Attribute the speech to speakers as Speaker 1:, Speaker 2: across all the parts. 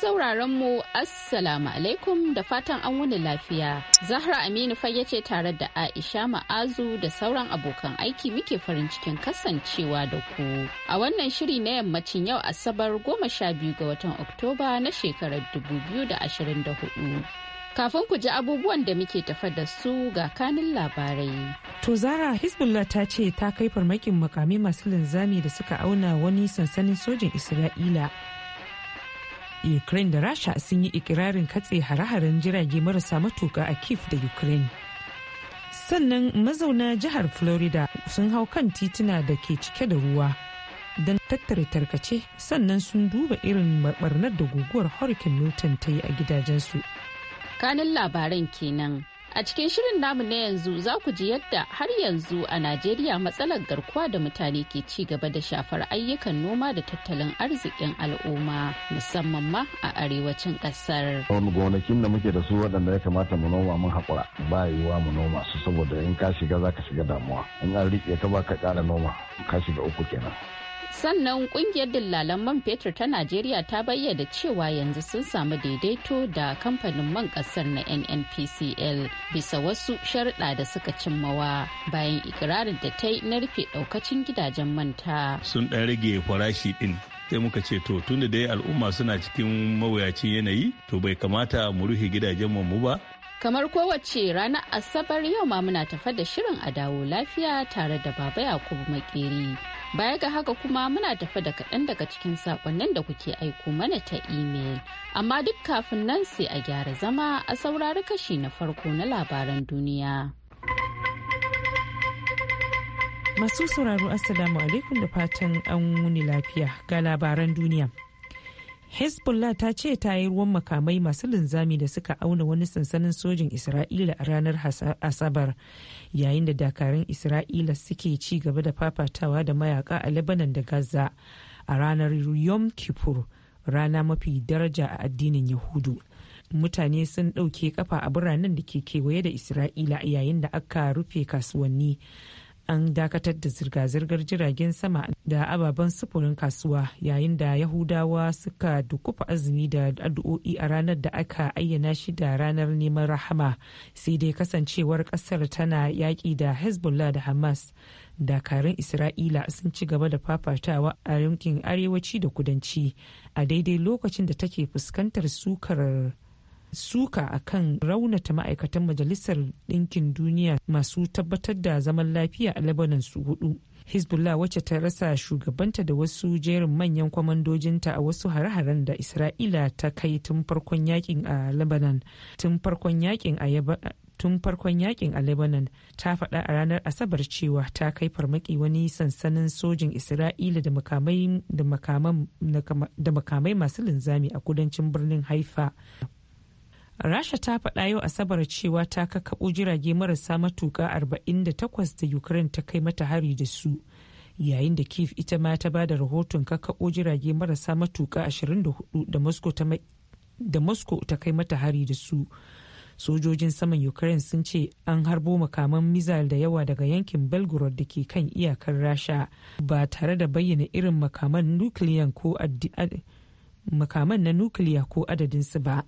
Speaker 1: sauraron mu Assalamu alaikum da fatan an wani lafiya. Zahra Aminu fayya ce tare da Aisha Ma'azu da sauran abokan aiki muke farin cikin kasancewa da ku. A wannan shiri na yammacin yau Asabar goma sha biyu ga watan Oktoba na shekarar dubu biyu da ashirin da hudu. Kafin ku ji abubuwan da muke tafa da su ga kanin
Speaker 2: labarai. To Zara Hezbollah ta ce ta kai farmakin makamai masu linzami da suka auna wani sansanin sojin Isra'ila ukraine da rasha sun yi ikirarin katse hare-haren jirage marasa matuka a kiev da ukraine sannan mazauna jihar florida sun hau kan tituna da ke cike da ruwa don tattara tarkace sannan sun duba irin barnar da guguwar hurricane newton ta yi a gidajensu
Speaker 1: kanin labaran kenan A cikin shirin namu na yanzu za ku ji yadda har yanzu a Najeriya matsalar garkuwa da mutane ke ci gaba da shafar ayyukan noma da tattalin arzikin al'umma musamman ma a arewacin kasar.
Speaker 3: Wani gonakin da muke da su waɗanda ya kamata mu noma mun haƙura ba yiwuwa mu noma su saboda in ka shiga za ka shiga damuwa in an riƙe ka ba ka ƙara noma ka shiga uku kenan.
Speaker 1: sannan kungiyar dillalan man fetur ta najeriya ta bayyana cewa yanzu sun samu daidaito da kamfanin man kasar na nnpcl bisa wasu sharɗa da suka cimmawa bayan ikirarin da ta yi na rufe ɗaukacin gidajen manta
Speaker 4: sun ɗan rage farashi ɗin sai muka ce to tunda dai al'umma suna cikin mawuyacin yanayi to bai kamata mu rufe gidajen mu ba
Speaker 1: kamar kowace ranar asabar yau ma muna tafa da shirin a dawo lafiya tare da baba yakubu makeri Baya ga haka kuma muna tafi da kaɗan daga cikin saƙonnin da kuke aiko mana ta imel. Amma duk kafin nan sai a gyara zama a saurari kashi na farko na labaran duniya.
Speaker 2: Masu sauraro Assalamu alaikum da fatan an wuni lafiya ga labaran duniya. hezbollah ta ce ta yi ruwan makamai masu linzami da suka auna wani sansanin sojin isra'ila a ranar asabar yayin da dakarun isra'ila suke ci gaba da fafatawa da mayaka a lebanon da gaza a ranar yom kippur rana mafi daraja a addinin yahudu mutane sun ɗauke kafa a biranen da ke kewaye da isra'ila yayin da aka rufe kasuwanni an dakatar da zirga-zirgar jiragen sama da ababen sufurin kasuwa yayin da yahudawa suka dukufa azumi da addu'o'i a ranar da aka ayyana shi da ranar neman rahama sai dai kasancewar kasar tana yaƙi da hezbollah da hamas dakarun isra'ila sun ci gaba da fafatawa a yankin arewaci da kudanci a daidai lokacin da take fuskantar sukar suka akan raunata ma'aikatan majalisar ɗinkin duniya masu tabbatar da zaman lafiya a lebanon su hudu hezbollah wacce ta rasa shugabanta da wasu jerin manyan kwamandojinta a wasu hare-haren da isra'ila ta kai tun farkon yakin a lebanon tun farkon yakin a tun farkon yakin a lebanon ta faɗa a ranar asabar cewa ta kai farmaki wani sansanin sojin isra'ila da makamai masu linzami a kudancin birnin haifa rasha ta faɗa yau asabar cewa ta kakaɓo jirage marasa matuka 48 da ukraine ta kai mata hari da su yayin da kiev ita ma ta bada rahoton kakaɓo jirage marasa matuka 24 da moscow ta kai mata hari da su sojojin saman ukraine sun ce an harbo makaman mizal da yawa daga yankin belgorod da ke kan iyakar rasha ba tare da bayyana irin makaman na nukiliya ko adadinsu ba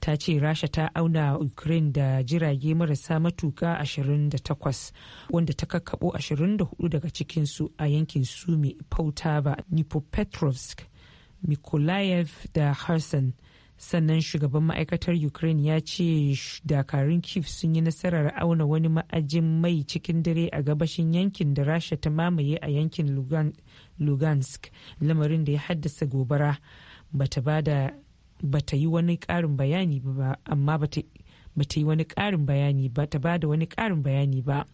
Speaker 2: ta ce rasha ta auna ukraine da jirage marasa matuka 28 wanda ta kakkaɓo 24 daga cikinsu a yankin sumi poltava nipopetrovsk mikolayev da harsan sannan shugaban ma'aikatar ukraine ya ce dakarun kiev sun yi nasarar auna wani ma'ajin mai cikin dare a gabashin yankin da rasha ta mamaye a yankin lugansk lamarin da ya haddasa gobara bata ba da bata yi wani karin bayani ba amma bata yi wani karin bayani ba ta ba da wani karin bayani ba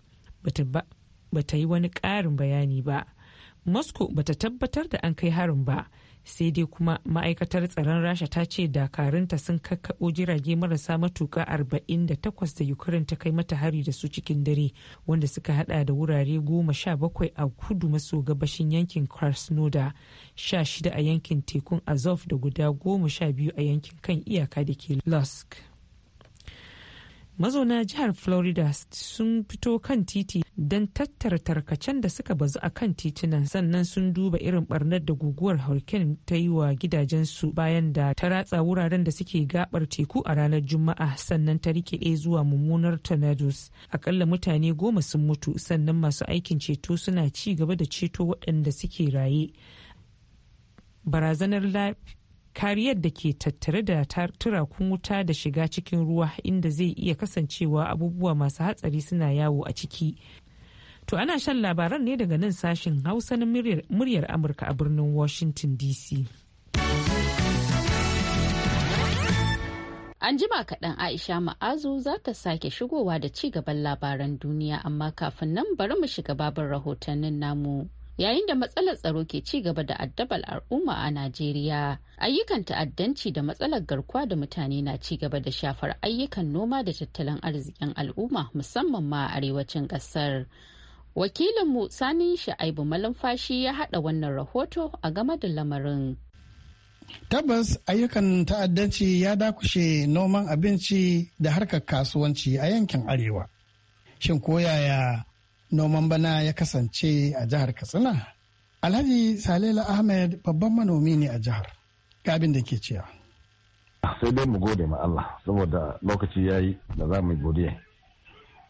Speaker 2: bata yi wani ƙarin bayani ba moscow bata tabbatar da an kai harin ba sai dai kuma ma'aikatar tsaron rasha ta ce dakarunta sun kakkaɓo jirage marasa matuka 48 da ukraine ta kai mata hari da su cikin dare wanda suka hada da wurare 17 a kudu maso gabashin yankin krasnodar 16 a yankin tekun azov da guda 12 a yankin kan iyaka da ke lusk mazauna jihar florida sun fito kan titi don tattara tarkacen da suka bazu a kan titunan sannan sun duba irin barnar da guguwar hurricane ta yi wa gidajensu bayan da ta ratsa wuraren da suke gabar teku a ranar juma'a sannan ta rikide zuwa mummunar tornadoes akalla mutane goma sun mutu sannan masu aikin ceto suna ci gaba da ceto waɗanda suke raye barazanar kariyar da ke tattare da turakun wuta da shiga cikin ruwa inda zai iya kasancewa abubuwa masu hatsari suna yawo a ciki to ana shan labaran ne daga nan sashen hausa na muryar amurka a birnin washington dc
Speaker 1: An jima kaɗan Aisha Ma'azu za ta sake shigowa da ci gaban labaran duniya amma kafin nan bari mu shiga babin rahotannin namu. yayin da matsalar tsaro ke ci gaba da addabar al'umma a Najeriya. Ayyukan ta'addanci da matsalar garkuwa da mutane na ci gaba da shafar ayyukan noma da tattalin arzikin al'umma musamman ma a arewacin ƙasar. Wakilinmu Sani Sha'aibu Malamfashi ya haɗa wannan rahoto a game da lamarin.
Speaker 5: Tabbas ayyukan ta'addanci ya dakushe noman abinci da harkar kasuwanci a yankin Arewa. Shin ko koyaya noman bana ya kasance a jihar katsina alhaji salela ahmed babban manomi ne a jihar gabin da ke cewa
Speaker 3: sai dai mu gode ma Allah saboda lokaci ya yi da za mu godiya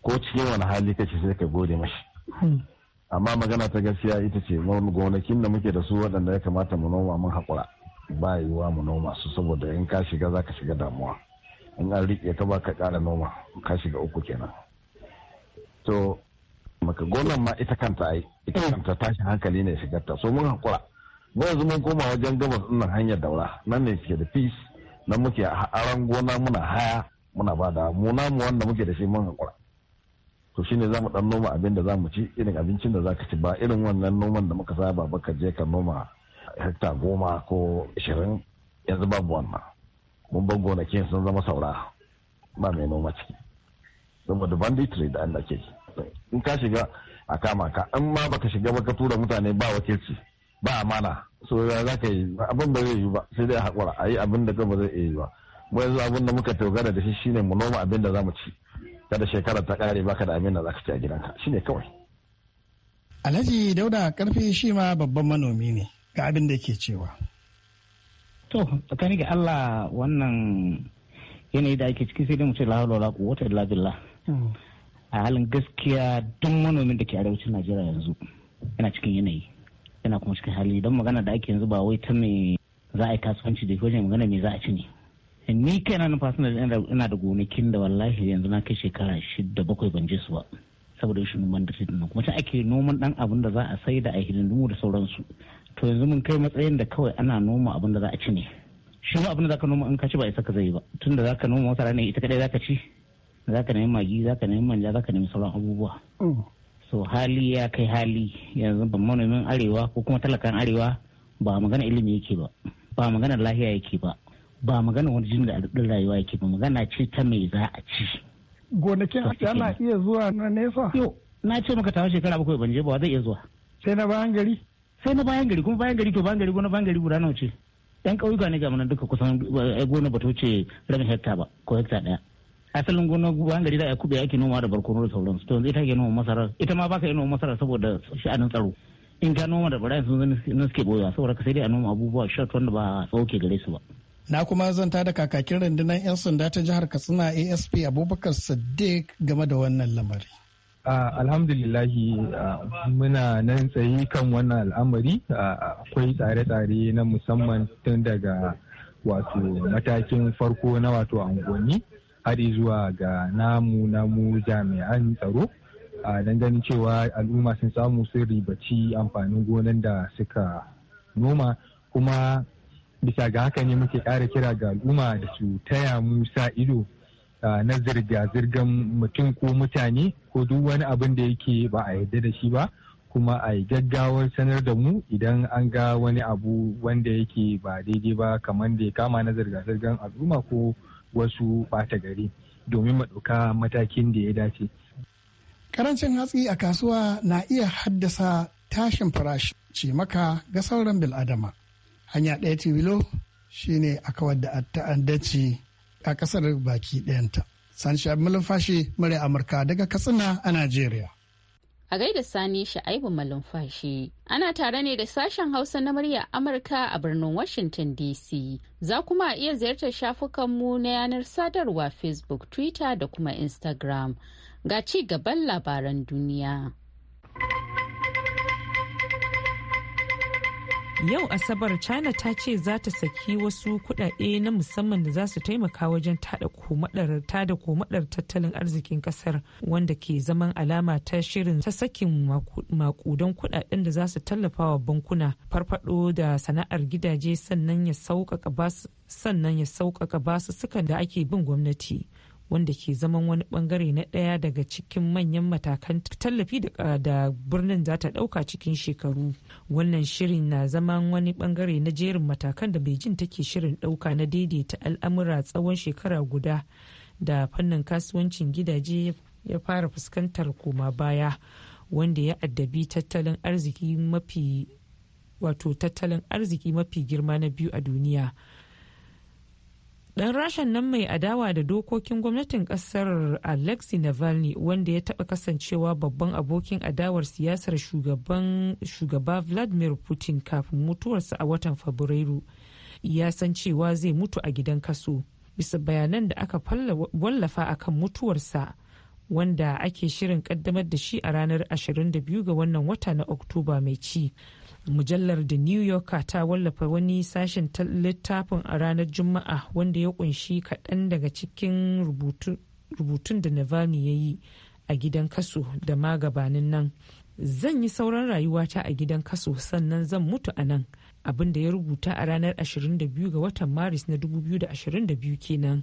Speaker 3: ko cikin wani hali kace sai ka gode mashi hmm. amma magana ta gaskiya ita ce gonakin da muke da su waɗanda ya kamata mu noma mun haƙura ba yiwa mu noma su saboda in ka shiga za ka shiga damuwa in an riƙe ka ba ka ƙara noma ka shiga uku kenan to maka gonan ma ita kanta ai ita kanta tashi hankali ne shigar ta so mun hakura mun yanzu mun koma wajen gabas nan hanyar daura nan ne suke da peace nan muke aran gona muna haya muna ba da mu namu wanda muke da shi mun hakura to shine zamu dan noma abin da zamu ci irin abincin da zaka ci ba irin wannan noman da muka saba ba ka je ka noma hekta goma ko ishirin yanzu babu wannan mun bar gonakin sun zama saura ba mai noma ciki saboda banditry da Allah ke in ka shiga a kama ka in ma baka shiga baka tura mutane ba wakilci ba amana so za ka yi abin ba zai yi ba sai dai haƙura a yi abin da ka ba zai iya yi ba mu yanzu abin da muka dogara da shi shine mu noma abin da za mu ci kada shekarar ta kare baka da abin da za ka ci a gidanka shine kawai
Speaker 5: alhaji dauda karfe shi ma babban manomi ne
Speaker 6: ga abin da ke cewa to tsakani ga allah wannan yanayi da ake ciki sai dai mu ce la hawla wala quwwata illa billah hmm. a halin gaskiya duk manomin da ke arewacin najeriya yanzu yana cikin yanayi yana kuma cikin hali don magana da ake yanzu ba wai ta me za a yi kasuwanci da wajen magana me za a ci ne ni kaina na fasin ina da gonakin da wallahi yanzu na kai shekara shida bakwai ban je su ba saboda shi numan da nan kuma ta ake noman dan abin da za a sai da a hidindumu da sauransu to yanzu mun kai matsayin da kawai ana noma abin da za a ci ne shi ma abin da zaka noma in ka ci ba isa ka zai ba tunda zaka noma masara ne ita kadai zaka ci za ka nemi magi za ka nemi manja za ka nemi sauran abubuwa mm. so hali ya kai hali yanzu ba manomin arewa ko kuma talakan arewa ba magana ilimi yake ba ba magana lahiya yake ba ba magana wani jini da rayuwa yake ba magana ce ta me za a ci gonakin ana iya zuwa na nesa yo na ce maka tawa shekara bakwai ban je ba zai iya zuwa sai na bayan gari sai na bayan gari kuma bayan gari to bayan gari gona bayan gari guda nawa ce yan ƙauyuka ne ga duka kusan eh, gona ba ce wuce rabin hekta ba ko hekta ɗaya asalin gonar an gari da a kube ake noma da barkono da su to yanzu ita ke noma masara ita ma baka yi noma masara saboda sha'anin tsaro in ka noma da barayin sun zan suke boya saboda ka sai dai a noma abubuwa shot wanda ba ke gare su ba
Speaker 5: na kuma zanta da kakakin rundunar 'yan sanda ta jihar katsina asp abubakar sadiq game da wannan lamari
Speaker 7: alhamdulillahi muna nan tsaye kan wannan al'amari akwai tsare-tsare na musamman tun daga wato matakin farko na wato angoni har zuwa ga namu namu jami'an tsaro a ganin cewa al'umma sun samu sun ribaci amfanin gonan da suka noma kuma bisa ga haka ne muke ƙara kira ga al'umma da su taya musa ido na zirga-zirgan mutum ko mutane ko duk wani abin da yake ba a yarda da shi ba kuma a yi gaggawar sanar da mu idan an ga wani abu wanda yake ba daidai ba kamar da ya kama na zirga-zirgan al'umma ko wasu bata gari domin maɗauka matakin da ya dace.
Speaker 5: Karancin hatsi a kasuwa na iya haddasa tashin farashi ce maka ga sauran bil'adama. Hanya ɗaya shi shine a kawar da ta'addanci a ƙasar baki ɗayanta. Sanshi Abin Fashi, murya Amurka daga Katsina a Najeriya.
Speaker 1: a gaida sani sha'aibu malumfashi ana tare ne da sashen hausa na murya amurka a birnin washington dc za kuma a iya ziyartar shafukanmu na yanar sadarwa facebook twitter da kuma instagram ga ci gaban labaran
Speaker 2: duniya yau asabar china ta ce za ta saki wasu kudade na musamman da za su taimaka wajen tada komadar tattalin arzikin kasar wanda ke zaman alama ta shirin ta sakin makudan kudaden da za su tallafa wa bankuna farfado da sana'ar gidaje sannan ya sauƙaƙa basu sannan sukan da ake bin gwamnati wanda ke zaman wani bangare na ɗaya daga cikin manyan matakan tallafi ah, da birnin za ta ɗauka cikin shekaru wannan shirin na zaman wani bangare na jerin matakan da beijing take shirin ɗauka na daidaita al'amura tsawon shekara guda da fannin kasuwancin gidaje ya fara fuskantar koma baya wanda ya addabi wato tattalin arziki mafi girma na biyu a duniya dan rashan nan mai adawa da dokokin gwamnatin kasar alexei navalny wanda ya taba kasancewa babban abokin adawar siyasar shugaba vladimir putin kafin mutuwarsa a watan fabrairu ya san cewa zai mutu a gidan kaso bisa bayanan da aka wallafa akan mutuwarsa wanda ake shirin kaddamar da shi a ranar 22 ga wannan wata na oktoba mai ci mujallar da new yorker ta wallafa wani sashen littafin a ranar juma'a wanda ya kunshi kaɗan daga cikin rubutun da navalny ya yi a gidan kaso da ma gabanin nan zan yi sauran rayuwata a gidan kaso sannan zan mutu a nan abin da ya rubuta a ranar 22 ga watan maris na 2022 kenan.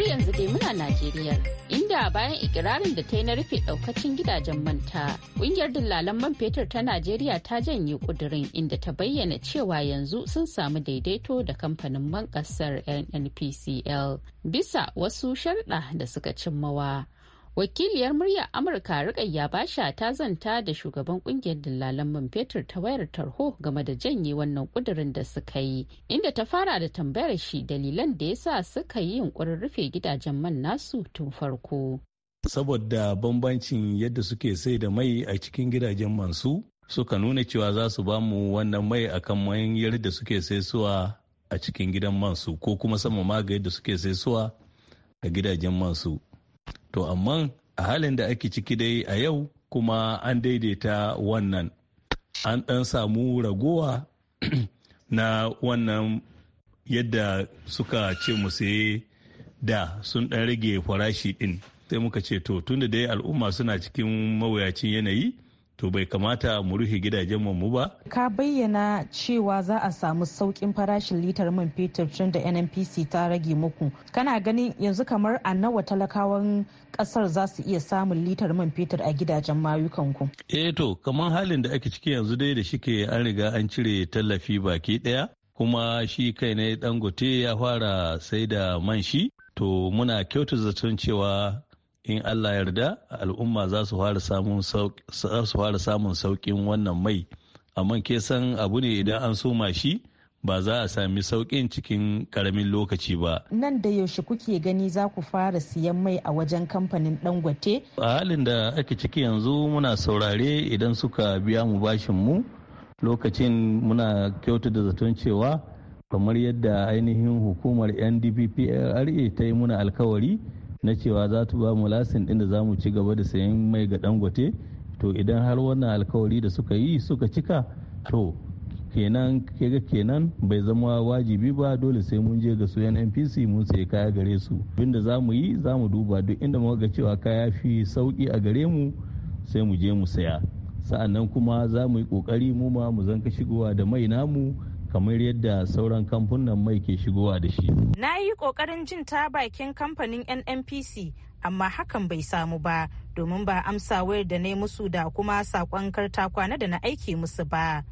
Speaker 1: har yanzu dai muna Najeriya inda bayan ikirarin da ta yi na rufe daukacin gidajen manta kungiyar dillalan man fetur ta Najeriya ta janye kudirin inda ta bayyana cewa yanzu sun samu daidaito da kamfanin man kasar NNPCL bisa wasu sharda da suka cimmawa. wakiliyar muryar amurka rikayya basha ta zanta da shugaban kungiyar dillalan man fetur ta wayar tarho game da janye wannan kudirin da suka yi inda ta fara da tambayar shi dalilan da ya sa suka yi yunkurin rufe gidajen man nasu tun farko
Speaker 4: saboda bambancin yadda suke sai da mai a cikin gidajen mansu suka nuna cewa za su ba mu wannan mai akan mayar da suke sai suwa a cikin gidan mansu ko kuma sama ma ga yadda suke sai suwa a gidajen mansu To amma a halin da ake ciki dai a yau kuma an daidaita wannan an ɗan samu ragowa na wannan yadda suka ce mu sai da sun ɗan rage farashi ɗin sai muka ce to tunda dai al'umma suna cikin mawuyacin yanayi to bai kamata mu rufe gidajen mu ba.
Speaker 8: Ka bayyana cewa za a samu saukin farashin litar man fetur tun da NNPC ta rage muku. Kana ganin yanzu kamar a nawa talakawan kasar za su iya samun litar man fetur a gidajen mayukan ku.
Speaker 4: Eh to kamar halin da ake ciki yanzu dai da shike an riga an cire tallafi baki daya kuma shi kai ne dangote ya fara sai da man shi to muna kyautu zaton cewa in allah yarda al'umma za su fara samun saukin wannan mai amma ke san abu ne idan an soma shi ba za a sami saukin cikin karamin lokaci ba.
Speaker 8: Nan da yaushe kuke gani za ku fara siyan mai a wajen kamfanin Dangote?
Speaker 4: A halin da ake ciki yanzu muna saurare idan suka biya mu bashin mu lokacin muna kyautu da zaton cewa kamar yadda ainihin hukumar NDPPRA ta yi muna alkawari na cewa za ta ba mu lasin ɗin da za mu ci gaba da sayan mai ga dangote to idan har wannan alkawari da suka yi suka cika to kenan kega kenan bai zama wajibi ba dole sai mun je ga su npc mun sai kaya gare su da za mu yi za mu duba duk inda muka ga cewa kaya fi sauki a gare mu sai mu je mu saya sa'annan kuma za mu yi kokari mu ma mu zanka shigowa da mai namu kamar yadda sauran kamfunan mai
Speaker 8: ke shigowa da shi. Na yi ƙoƙarin jin ta bakin kamfanin NNPC amma hakan bai samu ba domin ba amsa wayar da na yi musu da kuma saƙon karta kwana da na aiki musu ba.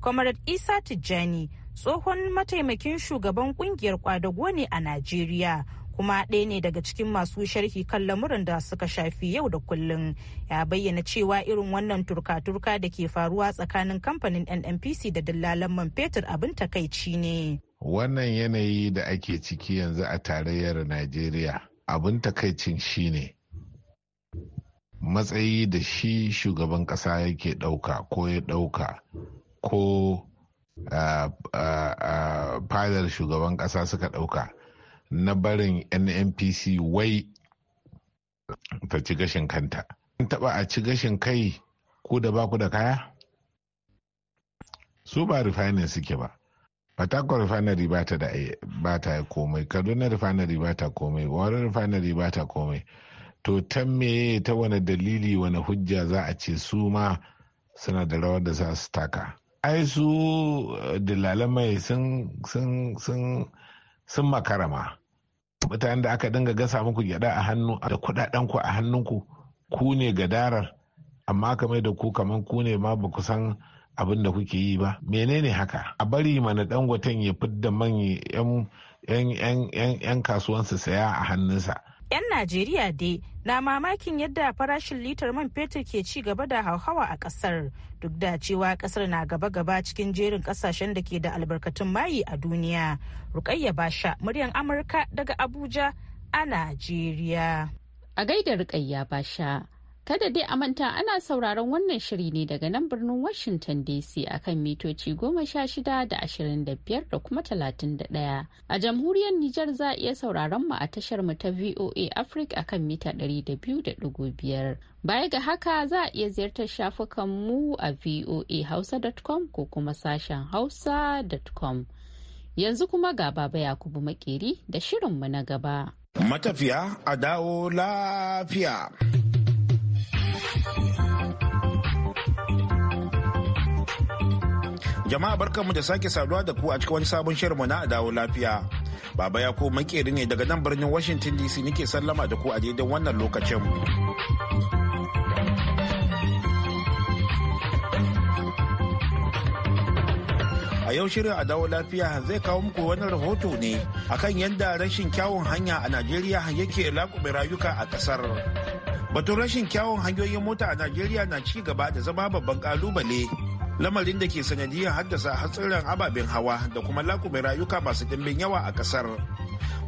Speaker 8: Comrade Isa Tijjani tsohon mataimakin shugaban kungiyar kwadago ne a Najeriya kuma ɗaya ne daga cikin masu sharhi kan lamurin da suka shafi yau da kullun ya bayyana cewa irin wannan turka-turka da ke faruwa tsakanin kamfanin nnpc da dillalan man fetur abin takaici ne
Speaker 9: wannan yanayi da ake ciki yanzu a tarayyar najeriya abin takaicin shine matsayi da shi shugaban kasa yake ɗauka ko ya ɗauka ko ah, ah, ah, fadar shugaban kasa suka ɗauka na barin nnpc wai ta ci gashin kanta an taba a ci gashin kai ku da ba ku da kaya su ba refining suke ba Fatakwal refinery ba ta da ba ta komai Kaduna refinery ba ta komai Warren refinery ba ta komai to ta meye ta wani dalili wani hujja za a ce su ma suna da rawar da za su taka ai su eh, dalalamai mai sun sun sun sun makarama mutanen da aka dinga gasa muku gyada a hannu da kudaden ku a hannunku ku ne gadarar amma kamar da ku kaman ku ne ma ba ku san abin da kuke yi ba menene haka a bari mana dangoten ya fidda man yan su saya a hannunsa
Speaker 8: yan najeriya dai na mamakin yadda farashin litar man fetur ke ci gaba da hauhawa a kasar duk da cewa kasar na gaba-gaba cikin jerin kasashen da ke da albarkatun mayi a duniya rukayya basha muryan amurka daga abuja a najeriya a gaida
Speaker 1: rukayya basha Kada dai a manta ana sauraron wannan shiri ne daga nan birnin Washington DC akan mitoci goma sha shida da ashirin da biyar da kuma talatin da ɗaya. A jamhuriyar Nijar za a iya sauraron mu a tashar mu ta VOA Africa akan mita ɗari da biyu da ɗigo biyar. Baya ga haka za a iya ziyartar shafukan mu a voahausa.com ko kuma sashen hausa.com. Yanzu kuma ga Baba Yakubu Makeri da shirin mu na gaba.
Speaker 10: Matafiya a dawo lafiya. Jama'a barkanmu da sake saduwa da ku a cikin wani sabon shirinmu na dawo lafiya. Baba ya ko makeri ne daga nan birnin Washington DC nake sallama da ku a daidai wannan lokacin. A yau shirin a dawo lafiya zai kawo muku wani rahoto ne akan yadda rashin kyawun hanya a Najeriya yake lakube rayuka a ƙasar. Batun rashin kyawun hanyoyin mota a Najeriya na ci gaba da zama babban kalubale. Lamarin da ke sanadiyar haddasa hatsarin ababen hawa da kuma lakumin rayuka masu dimbin yawa a kasar.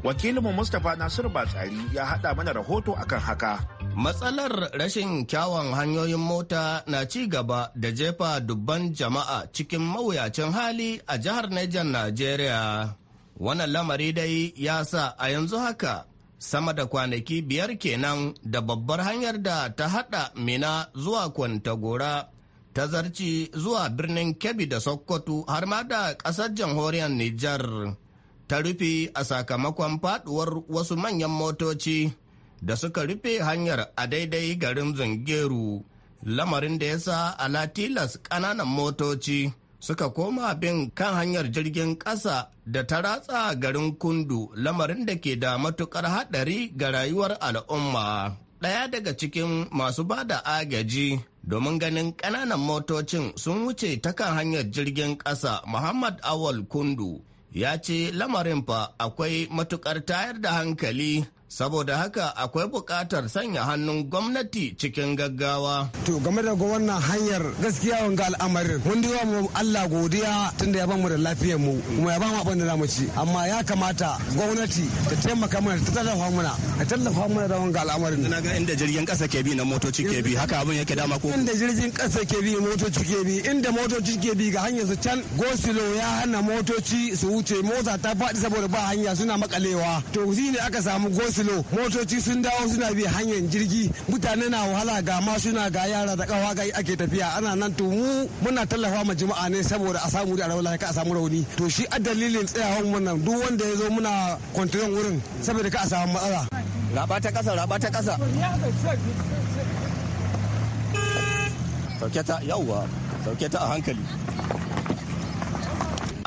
Speaker 10: Wakilinmu Mustapha Nasiru Batsari ya haɗa mana rahoto akan haka.
Speaker 11: Matsalar rashin kyawun hanyoyin mota na ci gaba da jefa dubban jama'a cikin mawuyacin hali a jihar Niger Najeriya. Wannan lamari dai ya sa a yanzu haka sama da kwanaki biyar kenan da babbar hanyar da ta haɗa mina zuwa kwantagora ta zarci zuwa birnin kebbi da sokoto har ma da ƙasar jamhuriyar nijar ta rufe a sakamakon faɗuwar wasu manyan motoci da suka rufe hanyar a daidai garin zangeru lamarin da ya sa alatilas ƙananan motoci suka koma bin kan hanyar jirgin ƙasa da ta ratsa garin kundu lamarin da ke da matuƙar haɗari ga rayuwar al'umma. Ɗaya daga cikin masu ba da agaji domin ganin ƙananan motocin sun wuce ta kan hanyar jirgin ƙasa Muhammad Awal Kundu ya ce lamarin fa akwai matuƙar tayar da hankali saboda haka akwai buƙatar sanya hannun gwamnati cikin gaggawa.
Speaker 5: To game da wannan hanyar gaskiya wanga al'amarin wanda yawa mu Allah godiya tun da ya bamu mu da lafiyar mu kuma ya bamu mu abin da zamu ci amma ya kamata gwamnati ta taimaka mana ta tallafa mana ta tallafa mana da wanga al'amarin. Ina ga inda jirgin
Speaker 11: ƙasa ke bi na motoci ke bi haka abin yake dama ko. Inda
Speaker 5: jirgin ƙasa ke bi motoci ke bi inda motoci ke bi ga hanyar su can gosilo ya hana motoci su wuce mota ta faɗi saboda ba hanya suna makalewa to shine ne aka samu gosilo silo motoci sun dawo suna bi hanyar jirgi mutane na wahala ga masuna ga yara da kawa ga ake tafiya ana nan to mu muna tallafa ma jama'a ne saboda a samu da rawala ka a samu rauni to shi a dalilin tsayawan wannan duk wanda ya zo muna kwantiyon wurin saboda ka a samu matsala raba ta kasa raba ta kasa
Speaker 11: sauke ta yawwa sauke ta a hankali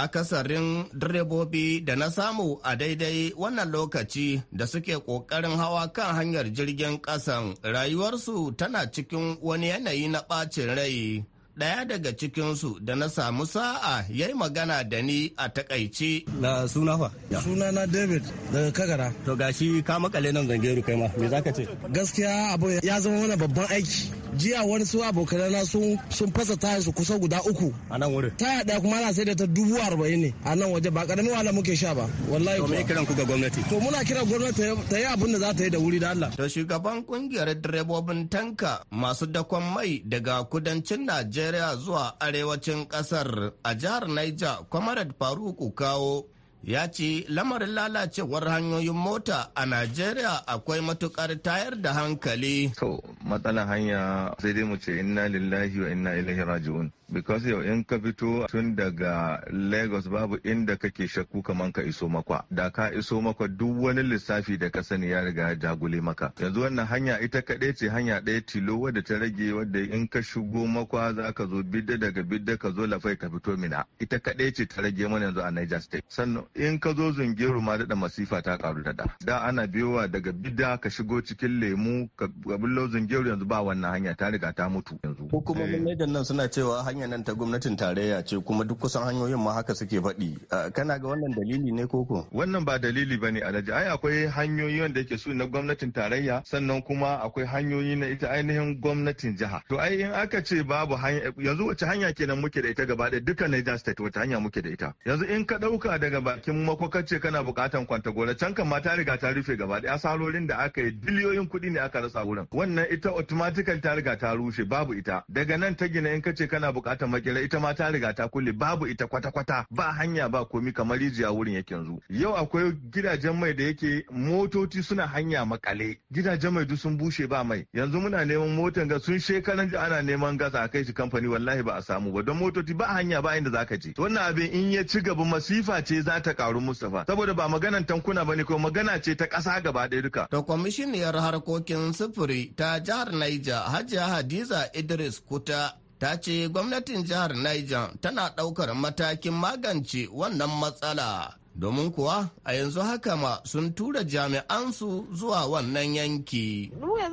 Speaker 11: akasarin direbobi da na samu a daidai wannan lokaci da suke ƙoƙarin hawa kan hanyar jirgin ƙasan rayuwarsu tana cikin wani yanayi na ɓacin rai ɗaya daga cikinsu da na samu sa'a ya yi magana da ni a takaici. Na suna fa?
Speaker 5: Suna na David daga Kagara.
Speaker 11: To gashi ka makale nan zangeru kai ma, me za ka ce?
Speaker 5: Gaskiya abu ya zama wani babban aiki. jiya wani su abokan na sun sun fasa tayar su kusa guda uku a nan wurin taya daya kuma ana sai da ta dubu arba'in ne a nan waje ba karamin wahala muke sha ba
Speaker 11: wallahi to kiran ku ga gwamnati to muna kiran gwamnati ta yi abin da za ta yi da wuri da Allah to shugaban kungiyar direbobin tanka masu dakon mai daga kudancin Najeriya zuwa arewacin kasar a jihar Niger Comrade Faruku Kawo ya ce lamarin lalacewar hanyoyin mota a Najeriya akwai matukar tayar da hankali. So matsalar hanya sai dai mu ce inna lillahi wa inna ilaihi raji'un. because
Speaker 7: yau in ka fito tun daga lagos babu inda kake shakku kaman ka iso makwa da ka iso makwa duk wani lissafi da ka sani ya riga ya jagule maka yanzu wannan hanya ita kaɗai ce hanya ɗaya tilo wadda ta rage wadda in ka shigo makwa za ka zo bidda daga bidda ka zo lafai ka fito mina ita kaɗai ce ta rage mana yanzu a niger state sannan in ka zo zungiru ma daɗa masifa ta karu da da Da ana biyowa daga bidda ka shigo cikin lemu ka bullo zungiru yanzu ba wannan hanya ta riga ta mutu yanzu
Speaker 11: hukumomin eh. nan suna cewa hanya hanya nan ta gwamnatin tarayya ce kuma duk kusan hanyoyin ma haka suke faɗi kana ga wannan dalili ne koko
Speaker 7: wannan ba dalili bane alhaji ai akwai hanyoyi wanda yake su na gwamnatin tarayya sannan kuma akwai hanyoyi na ita ainihin gwamnatin jiha to ai in aka ce babu hanya yanzu wace hanya kenan muke da ita gaba ɗaya dukkan Niger State wace hanya muke da ita yanzu in ka ɗauka daga bakin makwakace kana buƙatan kwanta gora can kan ma ta riga ta rufe gaba ɗaya sarorin da aka yi biliyoyin kuɗi ne aka rasa wurin wannan ita automatically ta riga ta rushe babu ita daga nan ta gina in ka ce kana buƙatar katon makera ita ma ta riga ta kulle babu ita kwata-kwata ba hanya ba komi kamar rijiya wurin yake yanzu yau akwai gidajen mai da yake motoci suna hanya makale gidajen mai duk sun bushe ba mai yanzu muna neman motan ga sun shekaran da ana neman gas a kai shi kamfani wallahi ba a samu ba don motoci ba hanya ba inda zaka je wannan abin in ya ci gaba masifa ce za ta karu mustafa. saboda
Speaker 11: ba maganan tankuna bane ko
Speaker 7: magana ce ta kasa gaba ɗaya duka
Speaker 11: to kwamishiniyar harkokin sufuri ta jihar Niger Hajiya Hadiza Idris Kuta ta ce gwamnatin jihar Niger tana ɗaukar matakin magance wannan matsala. Domin kuwa a yanzu haka ma sun tura jami'ansu zuwa wannan yanki.
Speaker 8: a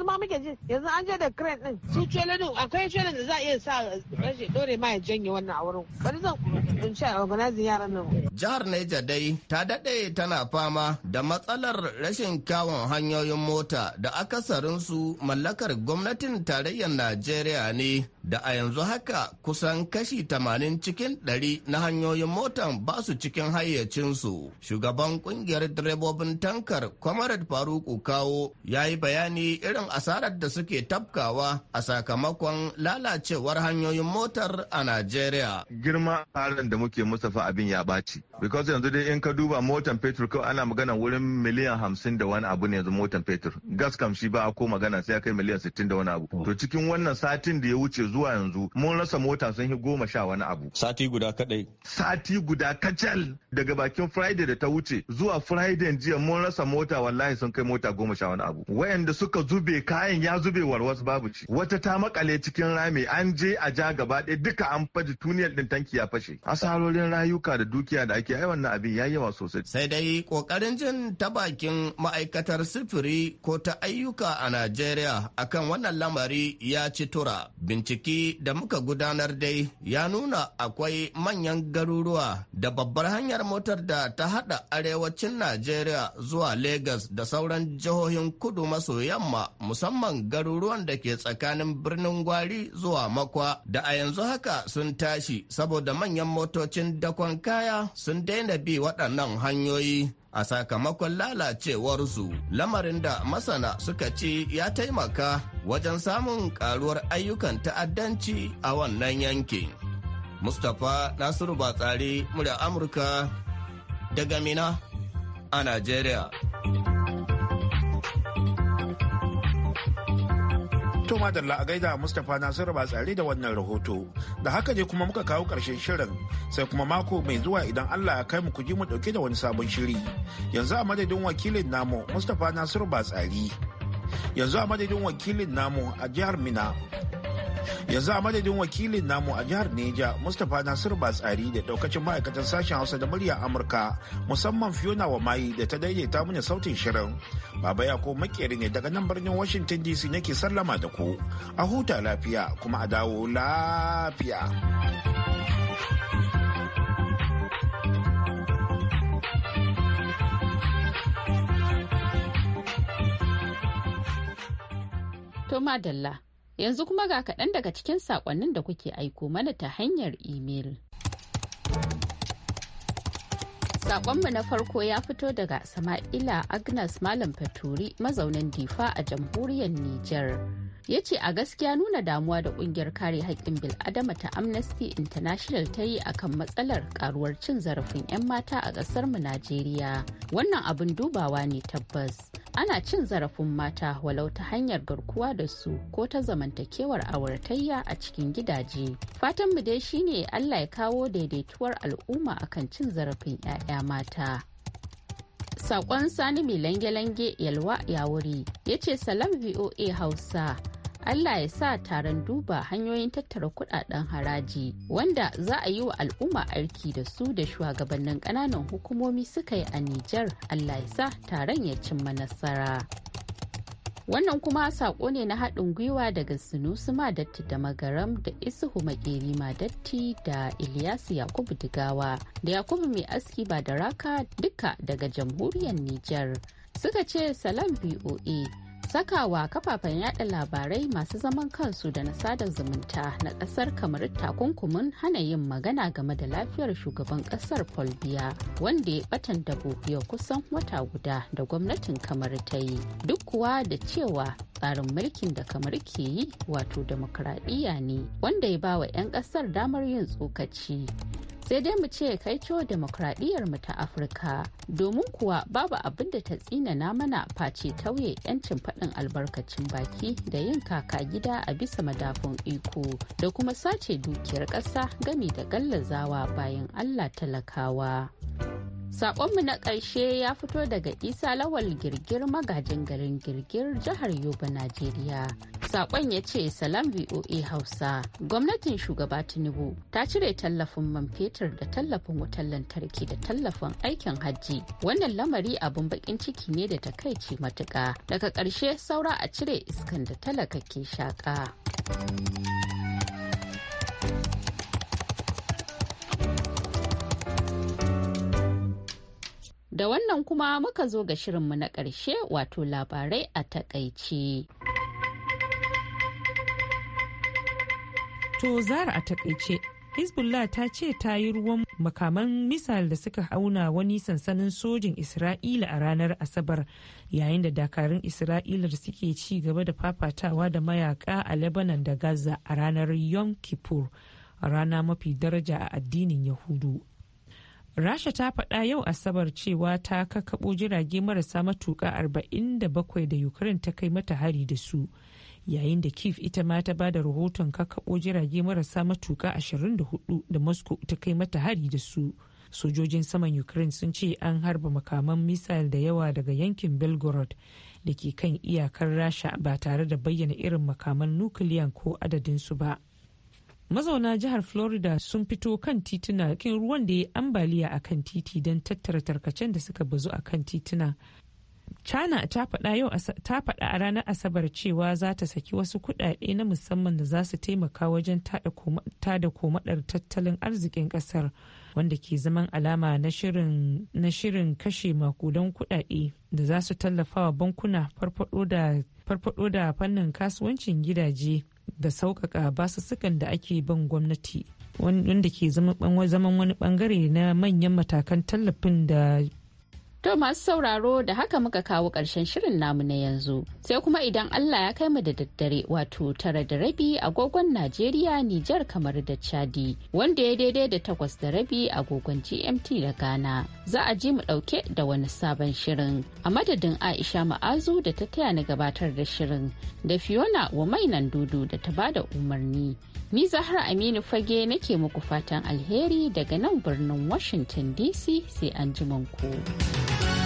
Speaker 8: ya janye wannan
Speaker 11: Jihar Niger dai ta daɗe tana fama da matsalar rashin kawon hanyoyin mota da akasarinsu mallakar gwamnatin tarayyar Najeriya ne da a yanzu haka kusan kashi 80 cikin 100 na hanyoyin motan ba su cikin hayyacinsu. Shugaban kungiyar direbobin tankar Comrade Faruku Kawo ya yi bayani irin asarar da suke tafkawa a sakamakon lalacewar hanyoyin motar a Najeriya.
Speaker 7: Girma harin da muke Mustapha abin ya ɓaci. Because yanzu dai in ka duba motan fetur kawai ana magana wurin miliyan hamsin da wani abu ne yanzu motan fetur. Gas kam shi ba a ko magana sai ya kai miliyan sittin da wani abu. To cikin wannan satin da ya wuce zuwa zuwa yanzu mun rasa mota sun yi goma sha wani abu. Sati guda kadai. Sati guda kacal daga bakin Friday da ta wuce zuwa Friday jiya mun rasa mota wallahi sun kai mota goma sha wani abu. Wayanda suka zube kayan ya zube warwas babu ci. Wata ta makale cikin rami an je a ja gaba ɗaya duka an faji
Speaker 11: tuniyar din tanki ya fashe. Asarorin rayuka da dukiya da ake ai na abin ya yawa sosai. Sai dai kokarin jin ta bakin ma'aikatar sufuri ko ta ayyuka a Najeriya akan wannan lamari ya ci tura bincike. bincike da muka gudanar dai ya nuna akwai manyan garuruwa da babbar hanyar motar da ta hada arewacin Najeriya zuwa Legas da sauran jihohin kudu maso yamma musamman garuruwan da ke tsakanin birnin Gwari zuwa Makwa da a yanzu haka sun tashi saboda manyan motocin dakon kaya sun daina bi waɗannan hanyoyi. a sakamakon lalacewarsu lamarin da masana suka ce ya taimaka wajen samun karuwar ayyukan ta'addanci a wannan yankin. Mustapha Nasiru Batsari murya Amurka daga Mina
Speaker 10: a Najeriya. To madalla a gaida Mustapha Nasiru ba tsare da wannan rahoto. Da haka ne kuma muka kawo ƙarshen shirin sai kuma mako mai zuwa idan Allah ya kai mu ku ji mu dauke da wani sabon shiri. Yanzu a madadin wakilin namu Mustapha Nasiru ba tsari. Yanzu a madadin wakilin namu a jihar Mina yanzu a madadin wakilin namu a jihar neja mustapha nasir batsari da daukacin ma'aikatan sashen hausa da murya amurka musamman fiona wa mayi da ta daidaita mana sautin shirin baba yako makeri ne daga nan birnin washington dc nake sallama da ku a huta lafiya kuma a dawo lafiya
Speaker 1: To Dalla. Yanzu kuma ga kaɗan daga cikin saƙonnin da kuke aiko mana ta hanyar imel. Sakonmu na farko ya fito daga Sama'ila Agnes Malam Faturi mazaunin Difa a jamhuriyar Nijar. ya ce a gaskiya nuna damuwa da kungiyar kare haƙƙin bil'adama ta amnesty international ta yi akan matsalar karuwar cin zarafin 'yan mata a ƙasar mu najeriya wannan abin dubawa ne tabbas ana cin zarafin mata walau ta hanyar garkuwa da su ko ta zamantakewar auratayya a cikin gidaje fatan mu dai shine allah ya kawo daidaituwar al'umma akan cin zarafin 'ya'ya 'ya'ya mata. Sakon Sani mai lange-lange yalwa ya wuri ya ce salam VOA Hausa. Allah ya sa taron duba hanyoyin tattara kudaden haraji wanda za a yi wa al'umma aiki da su da shugabannin kananan hukumomi suka yi a Nijar Allah ya sa taron ya cimma nasara. Wannan kuma saƙo ne na haɗin gwiwa daga Sinusu Madatti da Magaram da Isuhu Makeri datti da Ilyasu Yakubu Digawa da Yakubu Mai Aski ba da Raka duka daga jamhuriyar Nijar. Suka ce salam BOA sakawa kafafen yada labarai masu zaman kansu da na sada zumunta na kasar kamar takunkumin hana yin magana game da lafiyar shugaban kasar paul wanda ya batan dabo yau kusan wata guda da gwamnatin kamar ta yi duk kuwa da cewa tsarin mulkin da kamar ke yi wato demokradiyya ne wanda ya ba wa 'yan kasar damar yin tsokaci sai dai mu ce kai kyau demokradiyyar mu ta afirka domin kuwa babu abin da ta tsinana mana face tauye 'yancin faɗin albarkacin baki da yin kaka gida a bisa madafun iko da kuma sace dukiyar ƙasa gami da gallazawa bayan allah talakawa Saƙonmu na ƙarshe ya fito daga Isa Lawal Girgir magajin garin Girgir jihar Yobe, Najeriya. Saƙon ya ce Salam VOA Hausa. Gwamnatin shugaba Tinubu ta cire tallafin man fetur da tallafin wutar lantarki da tallafin aikin hajji. Wannan lamari abin bakin ciki ne da takaici matuƙa. Daga ƙarshe saura a cire iskan da talaka ke shaƙa. Da wannan kuma muka zo ga shirinmu na ƙarshe wato labarai a takaice.
Speaker 2: To zara a takaice, Hezbollah ta ce ta yi ruwan makaman misal da suka hauna wani sansanin sojin Isra'ila a ranar Asabar yayin da dakarun Isra'ilar suke ci gaba da fafatawa da mayaka a Lebanon da Gaza a ranar Yom Kippur, rana mafi daraja a addinin Yahudu. rasha ta faɗa yau asabar cewa ta kakaɓo jirage marasa matuƙa 47 da ukraine ta kai mata hari da su yayin da kif ita ma ta bada rahoton kakkaɓo jirage marasa matuƙa 24 da moscow ta kai mata hari da su sojojin saman ukraine sun ce an harba makaman misal da yawa daga yankin belgorod da ke kan iyakar rasha ba tare da bayyana irin makaman nukiliyan ko adadinsu ba mazauna jihar florida sun fito kan tituna kin ruwan da ya ambaliya a kan titi don tattara tarkacen da suka bazu a kan tituna china ta faɗa a ranar asabar cewa za ta saki wasu kuɗaɗe na musamman da za su taimaka wajen tada komadar tattalin arzikin ƙasar wanda ke zaman alama na shirin kashe makudan kuɗaɗe da za su tallafa bankuna farfaɗo da fannin kasuwancin gidaje da sauƙaƙa basussukan da ake bin gwamnati wanda ke zaman wani bangare na manyan matakan tallafin da To
Speaker 1: masu sauraro da haka muka kawo ƙarshen shirin namu na yanzu. Sai kuma idan Allah ya kai mu da daddare wato tara da rabi agogon Najeriya Nijar kamar da Chadi wanda ya daidai da takwas da rabi agogon GMT da Ghana. za a ji mu ɗauke da wani sabon shirin. A madadin Aisha Ma'azu da ta taya ni gabatar da shirin da Fiona wa mainan dudu da ta bada umarni. Ni Zahra Aminu Fage nake muku fatan alheri daga nan birnin Washington DC sai an ku.